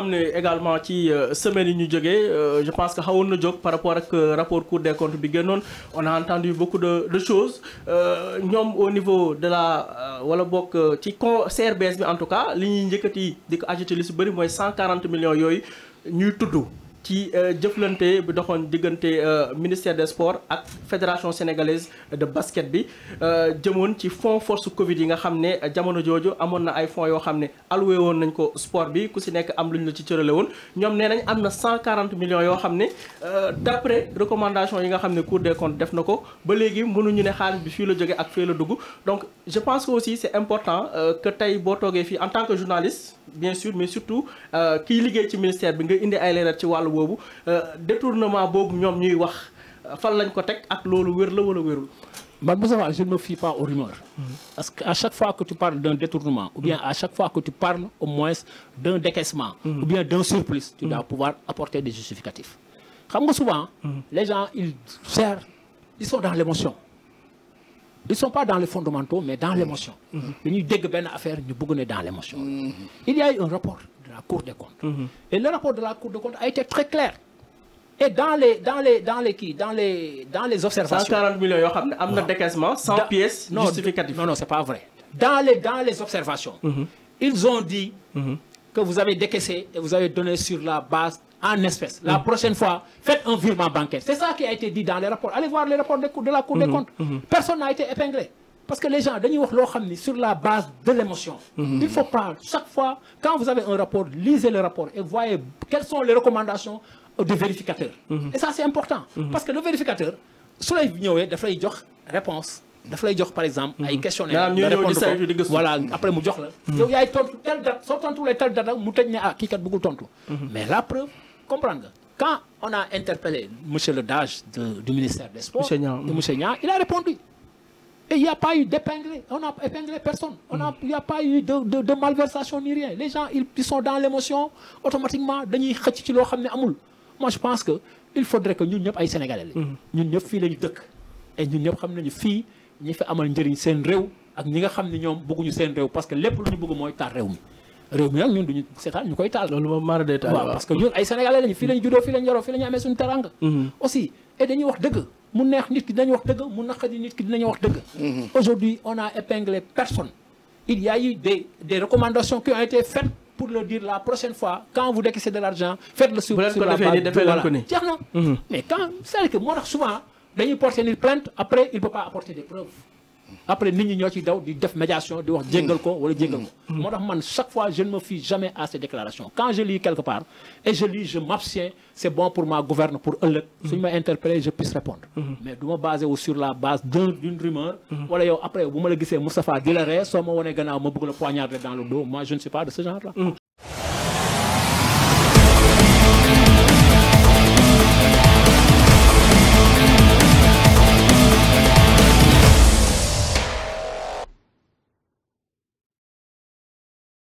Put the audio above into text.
xam ne également ci euh, semaine yi ñu jógee euh, je pense que xawoon na jóg par rapport ak euh, rapport Cour des comptes bi génnoon on a entendu beaucoup de de choses ñoom au niveau de la wala bokk ci con CRBS bi en tout cas li ñuy njëkkati di ko ajouté li si bëri mooy 140 millions yooyu ñuy tudd. ci euh, jëflante bi doxoon diggante euh, ministère des sports ak fédération sénégalaise de basket bi euh, jëmoon ci fonds force Covid yi nga xamné jamono jojo amon na ay fonds yo xamné ne alloué woon nañ ko sport bi ku ci nek am luñu ci cërale woon ñoom nee nañ 140 millions yo xamné ne d'après recommandation yi nga xamné Cour des comptes def na ko ba léegi mënuñu ne xaalis bi fi la joggé ak fii la dugg donc je pense aussi c'est important que tay bo togué fi en tant que journaliste bien sûr mais surtout kiy liggéey ci ministère bi nga indi ay leeral ci wàllu euh, détournement à ñom ñuy wax fan lañ ko tek ak lolu wér la wala je ne me fie pas aux rumeurs. Mm-hmm. parce qu'à chaque fois que tu parles d'un détournement. ou bien mm-hmm. à chaque fois que tu parles au moins d'un décaissement. Mm-hmm. ou bien d'un surplus. tu dois pouvoir apporter des justificatifs. comme souvent. les gens ils sert, ils sont dans l'émotion. ils sont pas dans les fondamentaux mais dans l'émotion. affaire ñu dans l'émotion. il y a eu un rapport la Cour des comptes. Mhm. Et le rapport de la Cour des comptes a été très clair. Et dans les, dans les, dans les, qui, dans les, dans les observations... 140 millions, il décaissement, pièces non, justificatives. Non, non, c'est pas vrai. Dans les, dans les observations, mhm. ils ont dit mhm. que vous avez décaissé et vous avez donné sur la base en espèces. La prochaine fois, faites un virement bancaire. C'est ça qui a été dit dans les rapports. Allez voir les rapports de, de la Cour des comptes. Personne n'a été épinglé. Parce que les gens, sur la base de l'émotion. Mhm. Il faut pas, chaque fois, quand vous avez un rapport, lisez le rapport et voyez quelles sont les recommandations du vérificateur. Mhm. Et ça, c'est important. Mhm. Parce que le vérificateur, sur les il a fait réponse. daf lay jox par exemple une questionnaire a répondre ko voilà après il y a yow yaay tontu telle date soo tontulee Il y a tëj ne ah, Il y kat tontu mais la preuve comprendre nga quand on a interpellé M. le DAGE du ministère des sports monsieur il a répondu et il n'y a pas eu d'épinglé. On n'a épinglé personne. On a, il n'y a pas eu de, de, de, malversation ni rien. Les gens, ils, ils sont dans l'émotion. Automatiquement, ils amul. Moi, je pense que il faudrait que nous, nous, les Sénégalais, nous, nous, filles, nous, et nous, nous, filles, nous, amal njëriñ seen réew ak ñi nga xamni ñom bëggu ñu seen réew parce que lepp lu ñu bëgg moy tar réew mi réew mi nag ñun duñu seetaan ñukoy tal lolu loolu mara day parce que ñun ay sénégalais lañu fi lañu juddoo fi lañu yoro fi lañu amé suñu teranga mhm. aussi et dañuy wax dëgg Mhm. aujourd'hui on a épinglé personne il y a eu des recommandations qui ont été faites pour le dire la prochaine fois quand vous décaissez de l'argent faites-le sur, sur la mhm. mais quand c'est que moi, souvent dañuy porter une plainte après il ne peut pas apporter des preuves après nit ñi ñoo ci daw di def médiation di wax jéggal ko wala mm-hmm. Moi, je man chaque fois je ne me fie jamais à ces déclarations quand je lis quelque part et je lis je m'abstiens c'est bon pour ma gouverne pour si mm-hmm. suñu ma interpellé je puisse répondre. Mm-hmm. mais du me basé sur la base d'une rumeur. wala yow après vous me la dites, Moustapha di la moi, on ma wanee gannaaw ma bëgg le poignarder dans le dos moi je ne suis pas de ce genre là.